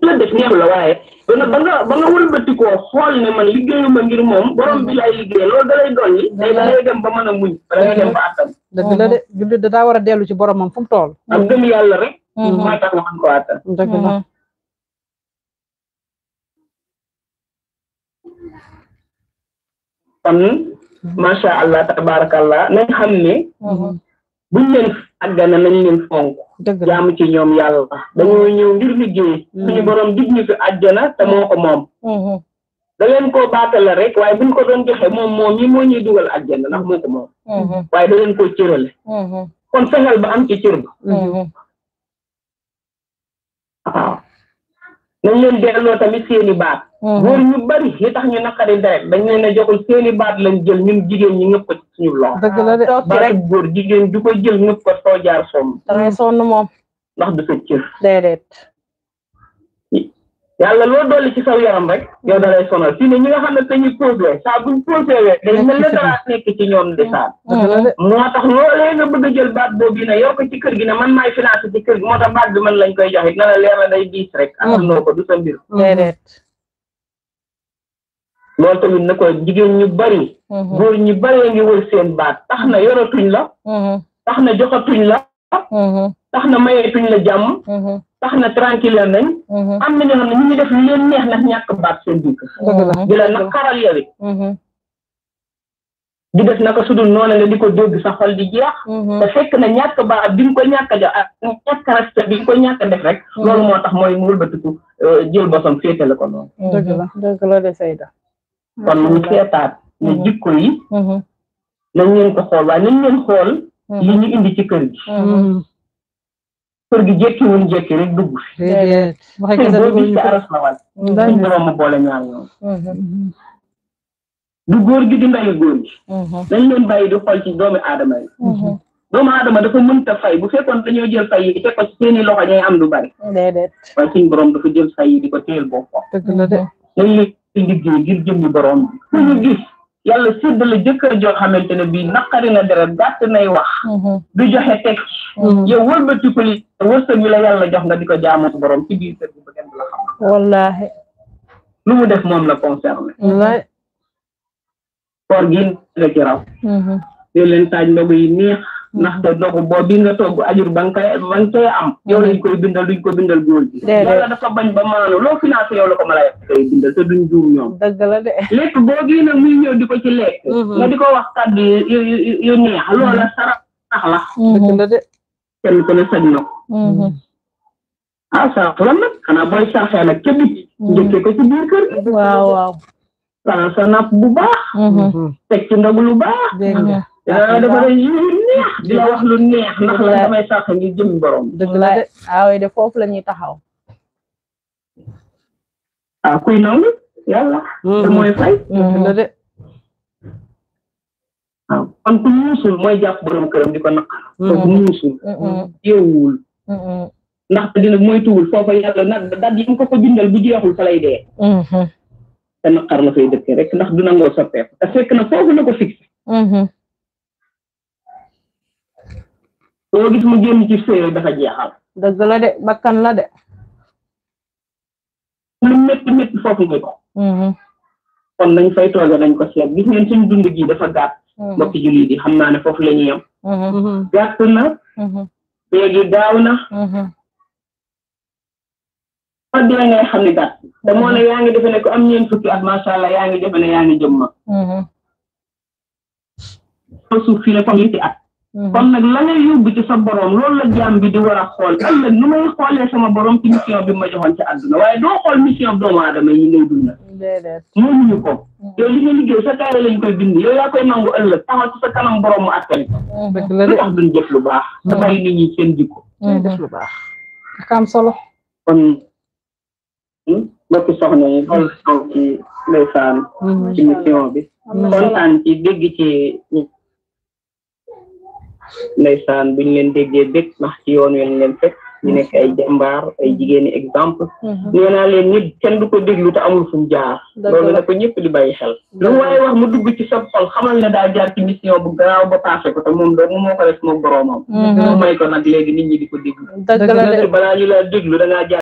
la def neexu la waaye ba nga ba nga wëlbati koo xool ne man liggéeyu ma ngir moom borom bi lay liggéey loolu da lay dolli day day dem ba mën a muñ da dem ba attan dëgg la de jullit daa war a dellu ci boromam fu mu tool ak gëm yàlla rek mm-hmm. mooy tax nga mën ko attan dëgg la mm-hmm. kon macha allah tabaarakallah nañ xam ne mm-hmm. buñ leen àggana nañ leen fonk jaamu ci ñoom yàlla dañoo ñëw ngir liggéey mm. suñu borom dig ñu fi àjjana te moo ko moom mm-hmm. da leen koo baatale rek waaye buñ ko doon joxe moom moom yi moo ñuy dugal àjjana ndax moo ko moom mm-hmm. waaye da leen koo cërale mm-hmm. kon fexeel ba am ci cër ba waaw nañ leen delloo tamit seeni baat. Mhm. góor ñu bari li tax ñu naqari deret dañ leen a joxul seeni baat lañ jël ñun jigéen ñi ñëpp ko ci suñu loxo. dëgg la de baatu góor jigéen du ko jël ñëpp ko soo jaar soom. Mhm. da ngay moom. ndax du sa cër. yàlla loo dolli ci saw yaram rek yow da lay sonal fii ne ñi nga xam ne dañuy posé saa buñ posé wee dañ ne dara nekk ci ñoom di saan moo tax loolee bëgg a jël baat boobu ne yor ko ci kër gi ne man maay financé ci kër gi moo tax baat bi lañ koy joxe na leer na day diis rek mm. am noo ko du sa mbir mm-hmm. loolu tamit na ko jigéen ñu bari mm-hmm. góor ñi bari ngi wër seen baat tax na yoratuñ la mm-hmm. tax na joxatuñ la tax na mayeetuñ la jàmm tax na tranquille nañ mhm. am na ñu xam ñu ngi def lu leen neex nak ñak baat seen dugg di la naqaral yawit mhm. di def naka sudul nona nga diko ko sa xol di jeex mhm. te fekk na ñak baat bi nga ko ñàkk ja ak ñàkk respect bi nga ko ñàkk def rek loolu motax moy mooy mu tuku euh, jël bosam féete la ko non deug la deug la de sayda kon mu seetaat ne jikko yi nañ leen ko xol wa nañ leen xol yi ñu indi ci kër gi kër gi jékkiwul jékki rek dugg. déedéet wax dëgg yàlla dugg ci aras la wàll. suñu borom mu boole ñaar ñoom. Mhm. du góor gi di ndayu góor gi. Mhm. dañ leen bàyyi di xool ci doomu aadama yi. Mhm. doomu aadama dafa mënta fay bu fekkoon dañoo jël fay yi teg ko ci seeni loxo ñooy am du bari. déedéet waaye suñu borom dafa jël fay yi di ko teel boppam. dëgg la de. dañ leen di liggéey ngir jëm ñu borom bi. ñu gis. yàlla sédd la jëkkër joo xamante ne bii naqari na deret gàtt nay wax. Mm-hmm. du joxe tekki. Mm-hmm. yow wëlbati ko li wërsëg wi la yàlla jox nga di ko jaamu borom ci biir kër gi ba kenn du la xam. wallaahi. lu mu def moom la concerné. wallaahi. koor gi nga ci mm-hmm. leen taaj ndogu yi neex. ndax da dog boo bi nga togg ajur bang kay bang ba am yow lañ koy bindal duñ ko bindal gol gi yàlla ya dafa bañ ba manu lo financer yow ya la ko mala kay bindal te duñ juum ñom deug la de lek boo gii nag muy ñew diko ci lek nga diko wax kàddu yu yu neex sara tax la deug la de kenn ko ne sañ na ko ah sarax la nag xanaa booy saraxee nag ca bit njëkkee ko ci biir kër waaw waaw sarax sa napp bu baax tek ci ndog lu baax dafa lay neex di la wax lu neex ndax la damay sàq ngir borom. dëgg ah, de foofu la ñuy taxaw. ah kuy nangu yàlla. Mm-hmm. te mooy fay. Mm-hmm. dëgg la de. waaw ah, kon ku muusul mooy jàpp borom këram di ko naqar. Mm-hmm. kooku muusul. ko ko bindal bu jeexul fa lay dee. fay dëkkee rek ndax du nangoo soppeeku te fekk na foofu la ko fixé. loo gis mu génn ci sëy dafa jeexal. dëgg la de bakkan la de. lu métti métti foofu ñu ko. Mm-hmm. kon nañ fay tooge nañ ko seet gis ngeen suñ dund gi dafa gàtt. Mm-hmm. mbokk jullit yi xam naa ne foofu la ñuy yem. Mm-hmm. gàtt na. léegi gaaw na. kon dina ngay xam ne gàtt te ne yaa ngi defe ne ku am ñeent fukki at macha allah yaa ngi defe ne yaa ngi jëm ma. suuf fii la comme li ci at. Mhm. kon nag la ngay yóbbu ci sa borom loolu la jaam bi di war a xool ëllëg nu may xoolee sama borom ci mission bi ma joxoon ci àdduna waaye doo xool mission bi doomu aadama yi ngay dund. déedéet moomuñu ko. Mhm. yow li liggéey sa kaay lañ koy bind yow yaa koy nangu ëllëg sa kanam borom mu àttali ko. Mhm. dëgg la de lu tax duñ def lu baax. te bàyyi nit seen jikko. def lu baax. am solo. kon. Hmm, mbokki soxna yi xool ci ci mission bi. am ci dégg ci. ndeysaan buñ leen déggee bég ndax ci yoon wi leen fekk ñu nekk ay jàmbaar ay jigéeni exemple nee mhm. naa leen nit kenn du ko déglu te amul fu mu jaar loolu na ko ñëpp di bàyyi xel lu waaye wax mu dugg ci sa xol xamal ne daa jaar ci mission bu garaaw ba passé ko te moom doomu moo ko def moom boroomam mhm. mu may ko nag léegi nit ñi di ko déglu balaa ñu laa déglu dangaa jaar